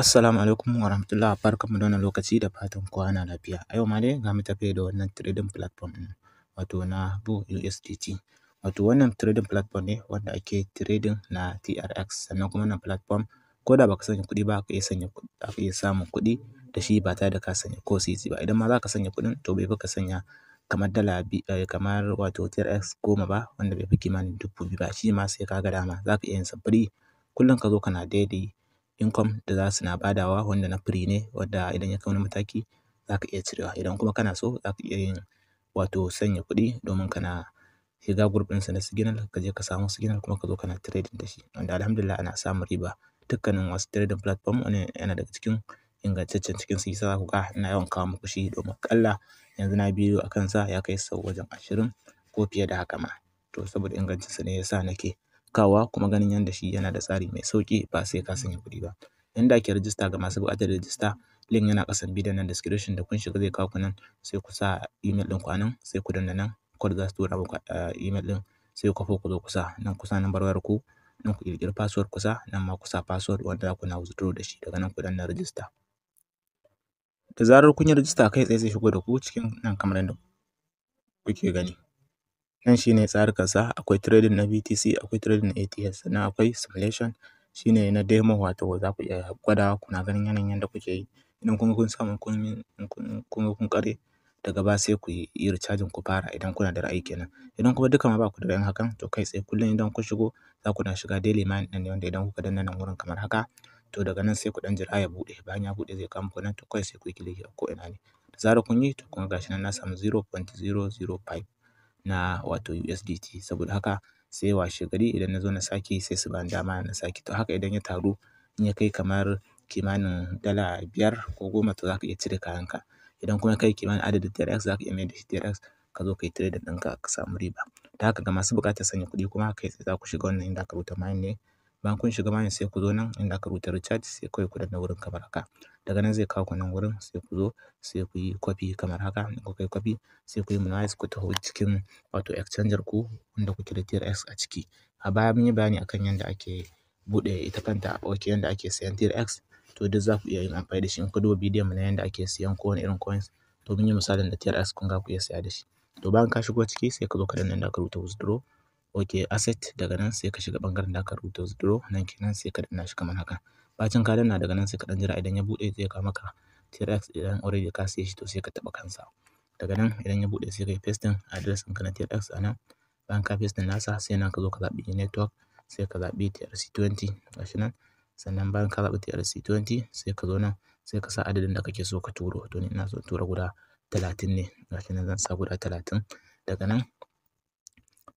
Assalamu alaikum wa rahmatullah wa da wannan lokaci da fatan kowa na lafiya. A yau ma dai ga mu tafiya da wannan trading platform din wato na bo USDT. Wato wannan trading platform ne wanda ake trading na TRX sannan kuma wannan platform ko da baka sanya kuɗi ba ka iya sanya ka iya samun kuɗi da shi ba tare da ka sanya ko CC ba. Idan ma za ka sanya kuɗin to bai fi ka sanya kamar dala eh, kamar wato TRX goma ba wanda bai fi kimanin dubu biyu ba shi ma sai ka ga dama za ka iya yin sa free kullum ka zo kana daidai income da za su na badawa wanda na free ne wanda idan ya kai wani mataki za ka iya cirewa. Idan kuma kana so za ka iya yin wato sanya kuɗi domin kana shiga group su na Signal ka je ka samu Signal kuma ka zo kana trading da shi. Wanda Alhamdulillah ana samun riba. Dukkanin wasu trading platform wani yana daga cikin ingantaccen cikin su. yasa za ku ga ina yawan kawo muku shi domin ƙalla yanzu na biyo bidiyo a kansa ya kai sau wajen ashirin ko fiye da haka ma. To saboda ingancinsa ne yasa nake. kawa kuma ganin yadda shi yana da tsari mai sauƙi ba sai ka sanya kuɗi ba. Inda ake rajista ga masu buƙatar rajista link yana ƙasan bidiyon nan description da kun shiga zai kawo ku nan sai ku sa email ɗin ku a nan sai ku danna nan code za su tura muku eh, email ɗin sai ku kwafo ku zo ku sa nan ku sa nambar wayar ku nan ku ƙirƙiri password ku sa nan ma ku sa password wanda za ku na withdraw da shi daga nan ku danna register. Da zarar kun yi rajista kai tsaye zai shigo da ku cikin nan kamar yadda kuke gani. Nan shi ne kasa Akwai trading na BTC, akwai trading na ATS, sannan akwai simulation shi ne na demo wato za ku iya gwada kuna ganin yanayin yadda kuke yi. Idan kuma kun samu kun kun kun daga ba sai ku yi recharging ku fara idan kuna da ra'ayi kenan. Idan kuma duka ma ba ku da ra'ayin hakan to kai tsaye kullum idan kun shigo za ku na shiga daily mining ɗin ne wanda idan kuka danna nan wurin kamar haka to daga nan sai ku ɗan jira ya buɗe bayan ya buɗe zai kawo muku nan to kawai sai ku yi kiliki a ina ne. Da zarar kun yi to kuma ga shi nan na samu 0.005. na wato USDT. Saboda haka sai washe gari idan na zo na sake sai su bani dama na saki, To haka idan ya taru in ya kai kamar kimanin dala biyar ko goma to za iya cire kayanka. Idan kuma kai kimanin adadin TRX za ka iya maida shi TRX ka zo ka yi ɗinka ka samu riba. Ta haka ga masu buƙatar sanya kuɗi kuma kai tsaye za ku shiga wannan inda aka rubuta mining ne. Bayan kun shiga mining sai ku zo nan inda aka rubuta recharge sai kawai ku danna wurin kamar haka. Daga nan zai kawo ku nan wurin sai ku zo sai ku yi copy kamar haka. In kuka yi copy sai ku yi minimize ku taho cikin wato exchanger ku wanda kuke da TRX a ciki. A baya mun yi bayani akan yadda ake buɗe ita kanta OK yadda ake sayan TRX. To duk za ku iya yin amfani da shi. In ku duba bidiyon mu na yadda ake siyan kowane irin coins to mun yi misalin da TRX kun ga ku iya saya da shi. To bayan ka shigo ciki sai ka zo ka danna inda aka rubuta withdraw. OK asset daga nan sai ka shiga ɓangaren da aka rubuta withdraw nan kenan sai ka danna shi kamar haka. Bacin ka danna daga nan sai ka ɗan jira idan ya buɗe zai kawo maka TRX idan already ka siye shi to sai ka taɓa kansa. Daga nan idan ya buɗe sai ka yi pasting address ɗinka na TRX a nan. Bayan ka pasting nasa sai nan ka zo ka zabi network sai ka zabi TRC20 gashi nan. Sannan bayan ka zabi TRC20 sai ka zo nan sai ka sa adadin da kake so ka turo. To ni ina so in tura guda talatin ne gashi nan zan sa guda talatin. Daga nan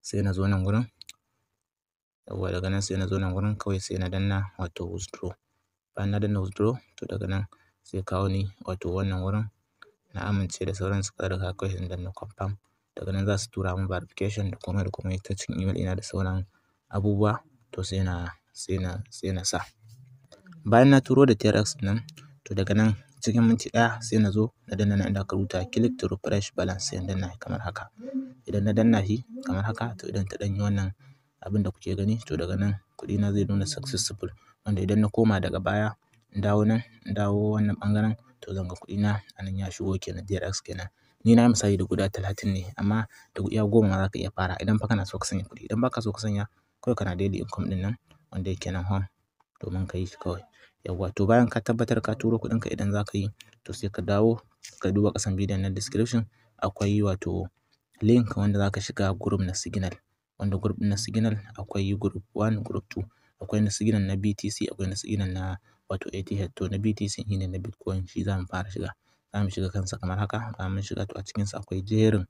sai na zo nan gurin. Yauwa daga nan sai na zo nan gurin kawai sai na danna wato withdraw. Bayan na danna withdraw to daga nan sai kawo ni wato wannan wurin na amince da sauran su da ka kai in danna confirm. Daga nan za su tura min verification da komai da komai ta cikin email ina da sauran abubuwa to sai na, sai na, sai na sa. Bayan na turo da TRX nan to daga nan cikin minti ɗaya sai na zo na danna nan inda aka rubuta click to refresh balance sai na danna kamar haka. Idan na danna shi kamar haka to idan ta ɗan yi wannan abin da kuke gani to daga nan. kuɗina zai nuna successful. Wanda idan na koma daga baya, in dawo nan, in dawo wannan ɓangaren to zan ga kuɗina a nan ya shigo kenan DRX kenan. Ni na yi misali da guda talatin ne amma da iya goma ma za iya fara idan fa kana so ka sanya kuɗi. Idan baka ka so ka sanya kawai kana daily income ɗin nan wanda yake nan home domin ka yi shi kawai. Yau to bayan ka tabbatar ka turo kuɗinka idan za ka yi to sai ka dawo ka duba ƙasan bidiyon na description akwai wato link wanda za ka shiga group na Signal. wanda group na signal akwai group 1 group 2 akwai na signal na BTC akwai na signal na wato ATH. to na BTC shine na Bitcoin shi za mu fara shiga za mu shiga kansa kamar haka ba mun shiga to a cikinsa akwai jerin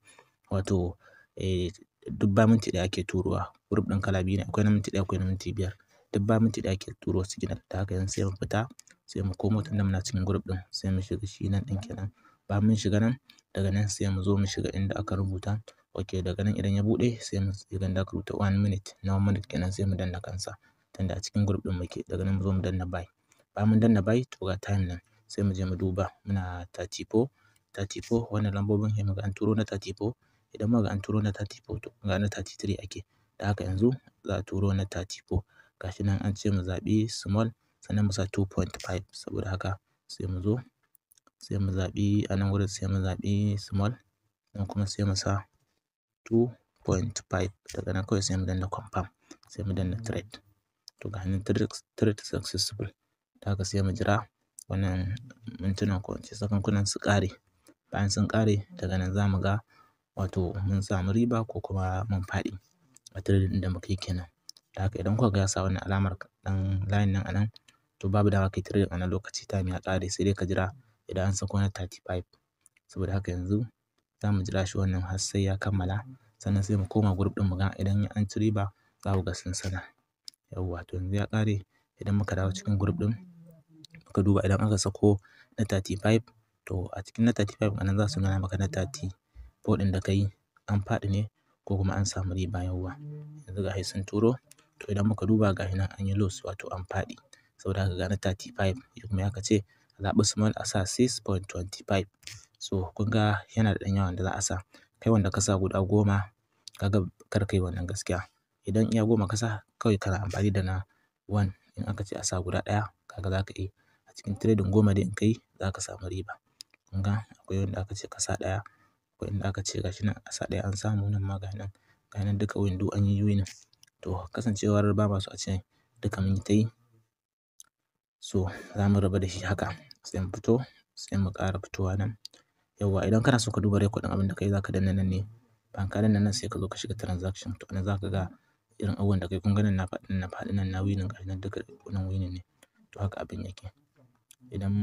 wato eh, duk ba minti da ake turuwa. group ɗin kala biyu ne akwai na minti ɗaya akwai na minti biyar duk ba minti da ake turuwa signal ta haka yanzu sai mu fita sai mu komo tunda muna cikin group ɗin sai mu shiga shi nan ɗin kenan ba mun shiga nan daga nan sai mu zo mu shiga inda aka rubuta Okay, daga nan idan ya buɗe sai mu idan da ka rubuta one minute na one minute kenan sai mu danna kansa tunda a cikin group ɗin muke daga nan mu zo mu danna buy bayan mun danna buy to ga time nan sai mu je mu duba muna 34 34 wannan lambobin sai mu ga an turo na 34 idan muka ga an turo na 34 to ga na 33 ake da haka yanzu za a turo na 34 gashi nan an ce mu zaɓi small sannan mu sa 2.5 saboda haka sai mu zo sai mu zaɓi a nan wurin sai mu zaɓi small sannan kuma sai mu sa 2.5 daga nan kawai sai mu danna confirm sai mu danna trade to ga nan trade successful da haka sai mu jira wannan mintuna ko ince sakankunan su kare bayan sun kare daga nan za mu ga wato mun samu riba ko kuma mun fadi a trading da muka yi kenan da haka idan kuka ga ya sa wannan alamar ɗan layin nan a to babu da kai trading a nan lokaci time ya kare sai dai ka jira idan an sako na 35 saboda haka yanzu za mu jira shi wannan har sai ya kammala sannan sai mu koma group din mu ga idan an ci riba za ku ga sun sana. Yauwa to yanzu ya kare idan muka dawo cikin group ɗin muka duba idan aka sako na 35 to a cikin na 35 anan za su nuna maka na 34 ɗin da ka an faɗi ne ko kuma an samu riba yauwa. Yanzu ga sun turo to idan muka duba ga nan an yi loss wato an faɗi saboda haka ga na 35 kuma ya ka ce a zaɓi small a sa 6.25. So kun ga yana da ɗanyawa yawan da za a sa. Kai wanda ka sa guda goma kaga ga kar kai wannan gaskiya. Idan iya goma ka sa kawai kana amfani da na one. In aka ce a sa guda ɗaya kaga ga za ka yi. A cikin trading goma da in ka yi za ka samu riba. Kun ga akwai wanda aka ce ka sa ɗaya, akwai wanda aka ce gashi nan a sa ɗaya an samu nan ma gashi nan. Gashi nan duka win an yi winning. To kasancewar ba ma so a ce duka mun yi ta yi. So za mu raba da shi haka. Sai mu fito sai mu ƙara fitowa nan. Yauwa idan kana so ka duba rekodin abin da kai za danna nan ne. banka danna nan sai ka zo ka shiga transaction to anan za ga irin abubuwan da kai kun ganin na faɗi na faɗi nan na winin ga nan duka wannan winin ne. To haka abin yake. Idan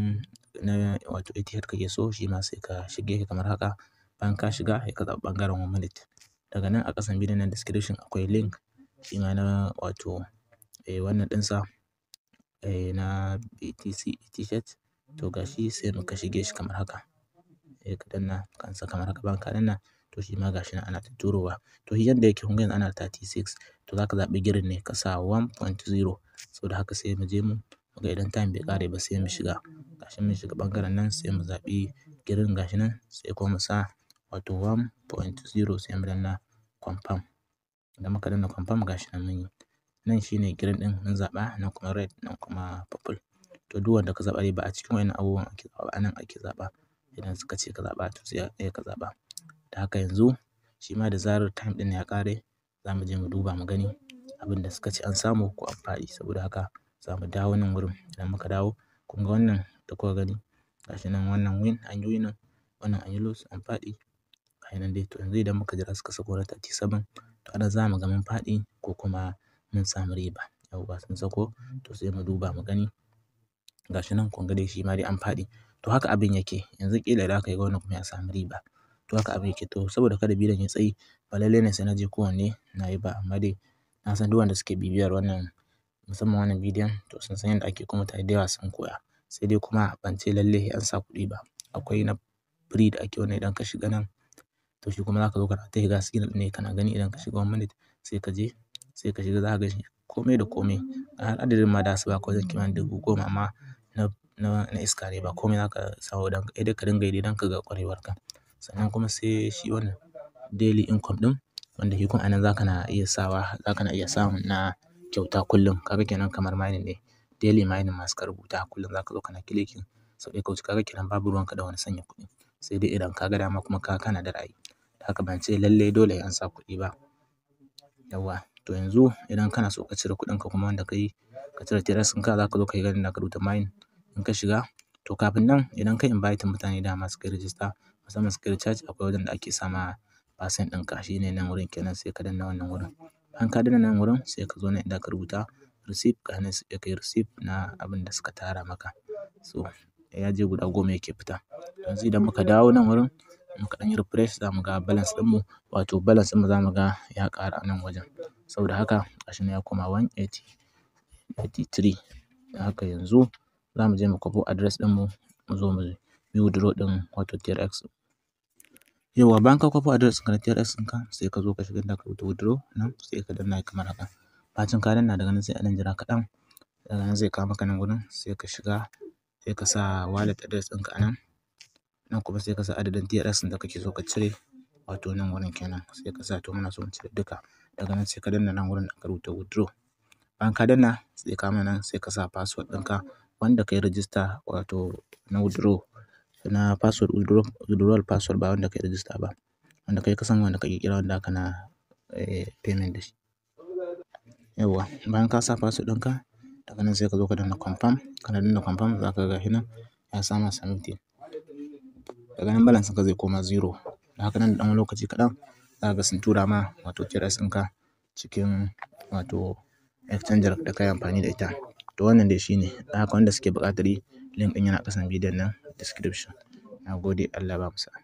na wato ATH kake so shi ma sai ka shige kamar haka. Bayan ka shiga sai ka zaɓi ɓangaren wallet. Daga nan a kasan bidiyon nan description akwai link shi ma na wato eh wannan ɗinsa eh na BTC, ETH to gashi sai ka shige shi kamar haka. ɗaya eh, ka danna kansa kamar haka bayan ka danna to shi ma gashi nan ana ta turowa to shi yanda yake kunga yanzu ana 36 to zaka zaɓi girin ne ka sa 1.0 saboda haka sai mu je mu ga idan time bai ƙare ba sai mu shiga gashi mun shiga ɓangaren nan sai mu zaɓi girin gashi nan sai kuma mu sa wato 1.0 sai mu danna confirm idan muka danna confirm gashi nan mun yi nan shi ne girin ɗin mun zaɓa nan kuma red nan kuma purple to duk wanda ka zaɓa dai ba a cikin wayannan abubuwan ake zaɓa nan ake zaɓa idan suka ce ka zaɓa to sai ɗaya eh ka zaɓa. Da haka yanzu shi ma da zarar time ɗin ya ƙare za mu je mu duba mu gani abin da suka ce an samu ko an faɗi. Saboda haka za mu dawo nan wurin idan muka dawo kun ga wannan da kuka gani gashi nan wannan win an yi winning wannan an yi lose an faɗi. Gashi nan dai to yanzu idan muka jira suka sako na thirty seven to anan za mu ga mun faɗi ko kuma mun samu riba. Yauwa sun sako to sai mu duba mu gani gashi nan kun ga dai shi ma dai an faɗi. To haka abin yake. Yanzu ƙila da aka yi wannan kuma ya samu riba. To haka abin yake. To saboda kada bidiyon ya tsayi, ba lallai ne sai na je kowanne na yi ba. Amma dai na san duk wanda suke bibiyar wannan musamman wannan bidiyon to sun san yadda ake kuma tare da yawa sun koya. Sai dai kuma ban ce lallai an sa kuɗi ba. Akwai na free da ake wannan idan ka shiga nan to shi kuma za ka zo ka ta ga su ne kana gani idan ka shiga wani minute sai ka je sai ka shiga za ka ga komai da komai. Har adadin ma da za su ba ka wajen kimanin dubu goma amma. na, iska ne ba komai za ka samu idan ka dinga yi ka ga ka Sannan kuma sai shi wannan daily income ɗin wanda shi kuma anan za na iya sawa, za na iya samun na kyauta kullum. Kaga kenan kamar mining ne, daily mining masu ka rubuta kullum za zo kana clicking sau ɗaya ka wuce. Kaga kenan babu ruwan ka da wani sanya kuɗi. Sai dai idan ka ga dama kuma ka kana da ra'ayi. Haka ban ce lalle dole an sa kuɗi ba. yawa to yanzu idan kana so ka cire kuɗinka kuma wanda ka yi, ka cire tirasinka za ka zo ka yi garin da ka rubuta mining. in ka shiga to kafin nan idan ka invite mutane dama suka yi register musamman suka yi recharge akwai wajen da ake sama percent ɗinka shine nan wurin kenan sai ka danna wannan wurin. An ka danna nan wurin sai ka zo nan inda ka rubuta receipt ka nan sai ka yi receipt na abin da suka tara maka. So ya je guda goma yake fita. Yanzu idan muka dawo nan wurin muka ɗan yi refresh za mu ga balance ɗinmu wato balance ɗinmu za mu ga ya ƙara a nan wajen. Saboda haka gashi nan ya koma 183, 83. Haka yanzu za mu je mu kwafo address din mu mu zo mu yi withdraw din wato TRX. yawa bayan ka kwafo address ka na TRX ka sai ka zo ka shiga da ka rubuta withdraw nan sai ka danna kamar haka. Bacin ka danna daga nan sai a nan jira kaɗan daga nan zai kawo maka nan gurin sai ka shiga sai ka sa wallet address din ka nan. Nan kuma sai ka sa adadin TRX da kake so ka cire wato nan wurin kenan sai ka sa to muna so mu cire duka daga nan sai ka danna nan wurin da ka rubuta withdraw. Bayan ka danna sai ka mana nan sai ka sa password ɗinka wanda ka yi wato na withdraw na password withdrawal ba wanda ka yi ba wanda kai kasan wanda ka kira wanda aka na eh, payment da shi yawwa bayan ka sa password ɗinka daga nan sai ka zo ka danna confirm kana danna confirm za ka ga shi nan ya sama submitted daga nan balance ka zai koma zero da haka nan da ɗan lokaci kaɗan za ga sun tura ma wato kiras ɗinka cikin wato exchanger da ka yi amfani da ita To wannan dai shi ne. Dan haka wanda suke buƙatar yi link ɗin yana ƙasan bidiyon nan description. Na gode Allah ba musa